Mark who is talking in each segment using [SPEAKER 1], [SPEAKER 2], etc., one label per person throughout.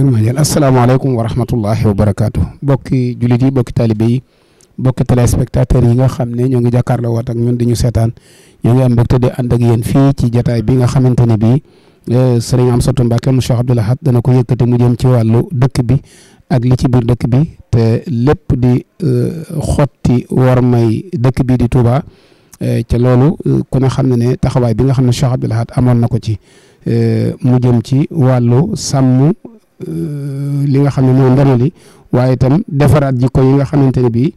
[SPEAKER 1] jërëjëf asalaamaaleykum wa rahmatullahi wa barakaatu bokki jullit yi bokki taalibe yi bokki téléspectateurs yi nga xam ne ñoo ngi jàkkaarloo waat ak ñun di ñu seetaan ñoo ngi am mbégte di ànd ak yéen fii ci jataay bi nga xamante ne bii eh, sëriñ Amsatou mu Cheikh Abdoul Ahad dana ko yëkkati mu jëm ci wàllu dëkk bi ak li ci biir dëkk bi te lépp di eh, xotti war may dëkk bi di Touba eh, loolu ku ne xam ne ne taxawaay bi nga xam ne Cheikh Abdoul Ahad amoon na ko ci mu ci wàllu sàmm. Euh, li nga xam ne mooy ndono li waaye itam defaraat jikko yi nga xamante ne bii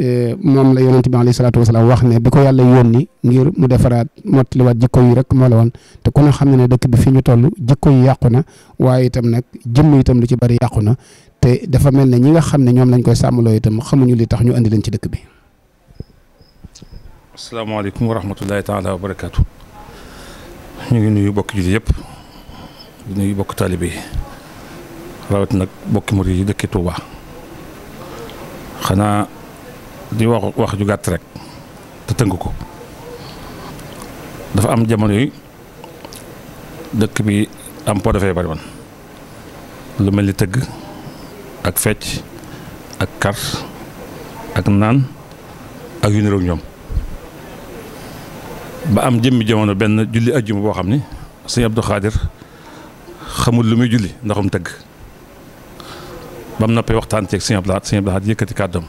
[SPEAKER 1] euh, moom la yonent bi alayhi salaatu wasalaam wax ne bi ko yàlla yónni ngir mu defaraat mottaliwaat jikko yi rek moo woon te ku ne xam ne dëkk bi fi ñu toll jikko yàqu na waaye itam nag jëmm itam lu ci bari yàqu na te dafa mel ne ñi nga xam ne ñoom lañ koy sàmmaloo itam xamuñu li tax ñu andi leen ci dëkk bi. asalaamaaleykum wa rahmatullahi taala wa barakaatu. ñu ngi nuyu bokk jullit yëpp di bokk taalibe rawat nag bokki murid yi dëkki Touba xanaa di wax wax ju gàtt rek te tënk ko dafa am jamono yi dëkk bi am po dafay bari woon lu mel ni tëgg ak fecc ak kar ak naan ak yu niroog ñoom ba am jëmmi jamono benn julli ajjuma boo xam ni sëñ Abdou Khadir xamul lu muy julli ndaxum tëgg ba mu noppee waxtaan ceeg sëñ Abdou Lahad sëñ Abdou Lahad yëkkati kàddam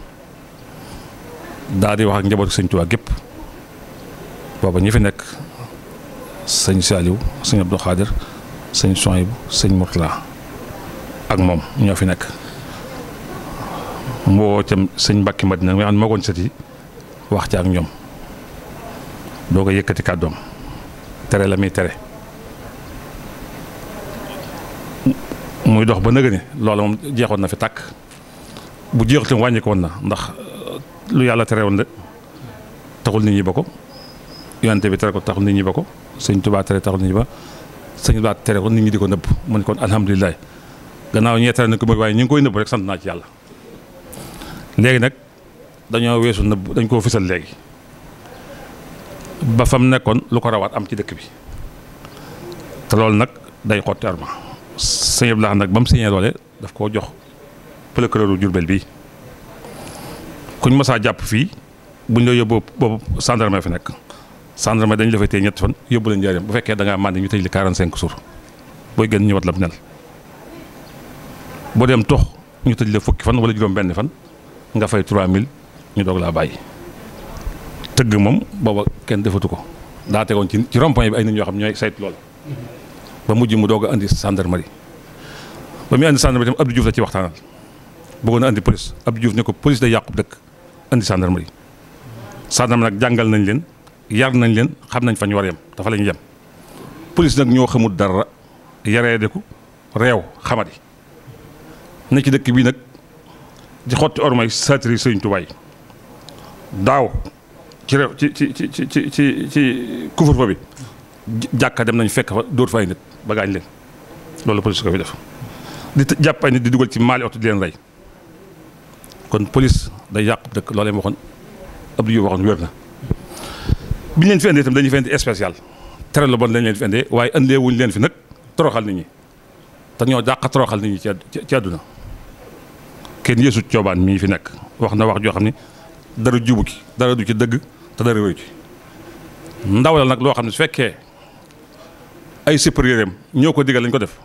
[SPEAKER 1] daal di wax ak njabootu sëñ Tuubaa gépp booba ñi fi nekk sëñ Saliou sëñ Abdou Khadir sëñ Sohaybu sëñ Mourtala ak moom ñoo fi nekk mu woo itam sëñ Mbàkke Madina nga xam ne moo koon wax ci ak ñoom doo ko yëkkati kàddoom tere la muy tere muy dox ba nëgëni loola moom jeexoon na fi tàkk bu jeexul tam wàññi ko woon na ndax euh, lu yàlla tere woon de taxul nit ñi ba ko yonent bi tere ko taxul nit ñi sëñ Tuubaa tere taxul nit ñi sëñ Tuubaa tere ko nit ñi di ko nëbb mu ne kon gannaaw ñee na ko waaye ñu ngi koy nëbb rek sant naa léegi nag dañoo weesu nëbb dañ koo fisal léegi ba nekkoon lu ko rawaat am ci dëkk bi te loolu nag day xotti arma sëñ Abdou Lahad nag ba mu doole daf koo jox procureur Jurbel bi kuñ masaa jàpp fii buñ la yóbboo boobu gendarmerie fi nekk gendarmerie dañu la fay téye ñetti fan yóbbu leen njëriñam bu fekkee da màndi ñu tëj li 45 jours booy gën ñëwaat la bu nel boo dem tox ñu tëj la fukki fan wala juróom benn fan nga fay 3000 ñu doog laa bàyyi tëgg moom booba kenn defatu ko daa tegoon ci ci rond-point bi ay nit ñoo xam ñooy saytu lool ba mujj mu doog indi andi gendarmerie ba muy andi gendarmerie tam Abdou Diouf la ci waxtaanal bëggoon a andi police Abdou Diouf ne ko police day yàqu dëkk indi gendarmerie gendarmerie nag jàngal nañ leen yar nañ leen xam nañ fa ñu war a dafa la ñuy yem police nag ñoo xamul dara yaree deku réew xamadi ne ci dëkk bii nag di xotti ormay satiri sëriñ Tuubaa yi daaw ci réew ci ci ci ci ci ci couvre-feu bi jàkka dem nañu fekk fa dóor fa ay nit ba gaañ leen loolu police ko fi def di jàpp ay nit di dugal ci maali oto di leen rey kon polis day yàq dëkk loolee waxoon Abdou Diouf waxoon wér na bi ñu leen fi indee itam dañuy fi indi spécial tere la bon dañ leen fi indee waaye indee wuñ leen fi nag toroxal nit ñi te ñoo dàq toroxal nit ñi ci àdduna kenn yéesu coobaan mii fi nekk wax na wax joo xam ne dara jubu ki dara du ci dëgg te dara wéy ci ndaw la nag loo xam ne su fekkee ay supérieur am ñoo ko digal lañ ko def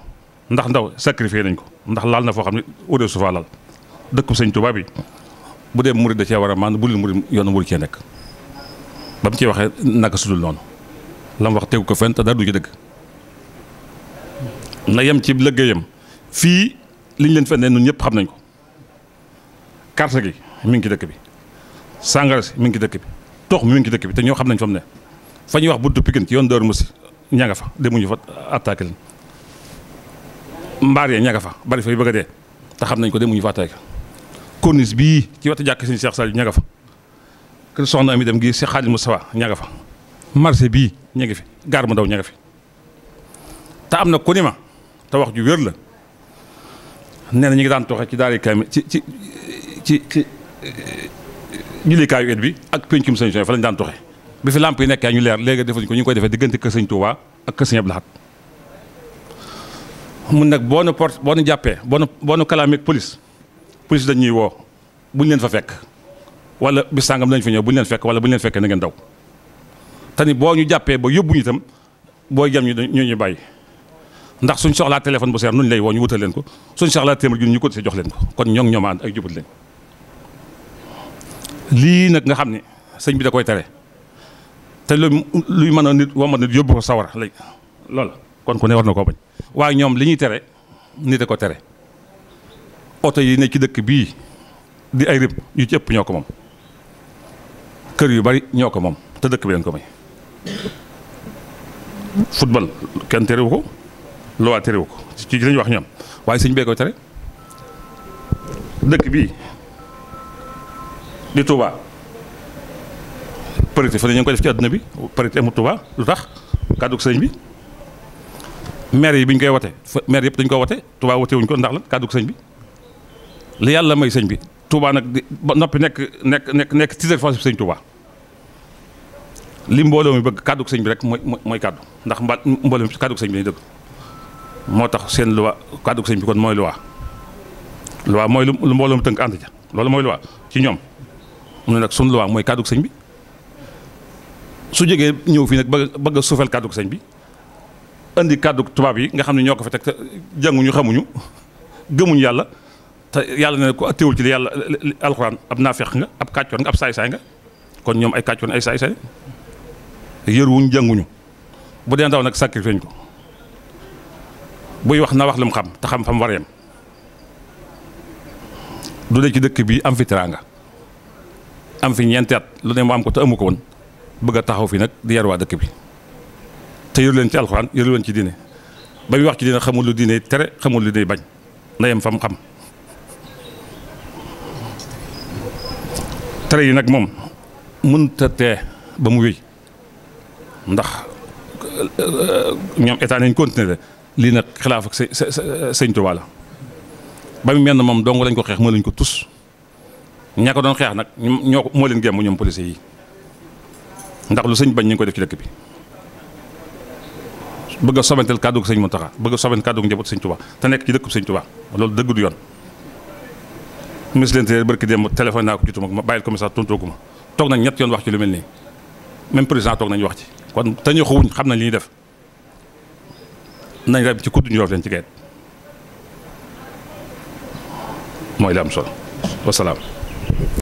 [SPEAKER 1] ndax ndaw sacrifié nañ ko ndax laal na foo xam ne aude su faa laal dëkku sëñ Tuubaa bi bu dee murid da cee war a maan bu dul murid yoon wuru cee nekk ba mu ciy waxee naka sudul noonu la mu wax tegu ko fenn te dara du ci dëgg na yem ci liggéeyam fii liñ leen fenne nun ñëpp xam nañ ko carte gi mi ngi ci dëkk bi sàngara si mi ngi ci dëkk bi tox mi ngi ci dëkk bi te ñoo xam nañ fa mu ne fa ñuy wax buntu Pikine ci yoon Daaru Musti ña nga fa demuñu fa attaqué leen mbaar ya ña fa bari fa yu bëgg dee te xam nañ ko demuñu fa attaqué corniche bii ci wetu jàkk suñu Cheikh Saliou ña nga fa kër soxna Ami dem gi Cheikh Khadim mu ña nga fa marché bii ña ngi fi gaar mu ndaw ña nga fi te am na ku ni ma te wax ju wér la nee na ñu ngi daan toxe ci daari kaami ci ci ci ci jullikaayu et bi ak pencum sañ fa lañ daan toxe bi fi làmp yi nekkee ñu leer léegi defuñ ko ñu ngi koy defee diggante kër sëñ Touba ak kër sëñ Abdou Lahad nag boo nu porte boo nu jàppee boo nu boo nu kalaamee ak police police dañuy woo buñ leen fa fekk walla bis sàngam dañ fa ñëw buñ leen fekk wala buñ leen fekkee na ngeen daw te ni boo ñu jàppee ba yóbbuñu itam booy jam ñu ñu ñu bàyyi ndax suñ soxlaa téléphone bu seer nuñ lay woo ñu wutal leen ko suñ soxlaa téeméer ju ñu ko jox leen ko ñoo ñoom ànd ay jubut lañ lii nag nga xam ne sëñ bi da koy tere te lu luy mën a nit wama nit yóbbu ko sawara léegi lool kon ku ne war na koo bañ waaye ñoom li ñuy tere nit a ko tere oto yi ne ci dëkk bii di ay rib yu ci ñoo ko moom kër yu bari ñoo ko moom te dëkk bi leen ko may football kenn terewu ko loi terewu ko ci lañu wax ñoom waaye sëñ bee koy tere dëkk bii di Touba parité fa ne ñu ngi ko def ci àdduna bi parité amul Touba lu tax kàddu sëñ bi maire yi bi ñu koy wote maire yëpp dañu ko wote Touba wote wuñ ko ndax la kàddu sëñ bi li yàlla may sëñ bi Touba nag ba noppi nekk nekk nekk nekk titre foncier bi li mbooloo mi bëgg kàddu sëñ bi rek mooy mooy kàddu ndax mba mbooloo mi kàddu sëñ bi lañu dëgg moo tax seen luwa kàddu sëñ bi kon mooy luwa luwa mooy lu mbooloo mi tënk ànd loolu mooy luwa ci ñoom mu ne nag sunu mooy kàddu sëñ bi su jegee ñëw fii nag bëgg bëgg a suufal kàddu sëñ bi indi kàddu tubaab yi nga xam ne ñoo ko fa teg te jànguñu xamuñu gëmuñu yàlla te yàlla ne ko teewul ci li yàlla alxuraan ab naafeq nga ab kàccoon nga ab saay-saay nga kon ñoom ay kàccoon ay saay-saay yëruwuñ jànguñu bu dee ndaw nag sacrifié ñu ko buy wax na wax lu xam te xam fa war yem du dee ci dëkk bi am fi teraanga am fi ñeenti at lu ne mu am ko te amu ko woon. bëgg a taxaw fii nag di yar waa dëkk bi te yëru leen ci alxuraan yëru leen ci diine ba muy wax ci diine xamul lu diine tere xamul lu diine bañ na yem fam yi nag moom mënta tee ba mu ndax euh, ñoom état nañ continuer lii nag xilaaf ak sëñ Tuubaa la ba mu mel ne moom dong lañ ko xeex moo lañ ko tus ña ko doon xeex nag ñoo moo leen gémm ñoom policiers yi ndax lu sëñ bañ ñu ngi def ci dëkk bi bëgg a sobentel kàddu ko sëñ Muntaxa bëgg a sobent kàddu ko sañ sëñ Tuubaa te nekk ci dëkkub sëñ Tuubaa loolu dëgg du yoon ministre de l'Intérieur barki démb téléphone naa ko jotuma ma bàyyil commissaire tontoo ko ma toog nañ ñett wax ci lu mel nii même président toog nañu wax ci kon te ñu xawuñ xam nañ li ñuy def nañ rab ci kudd ñu yoof leen ci gayet mooy li am solo wasalaam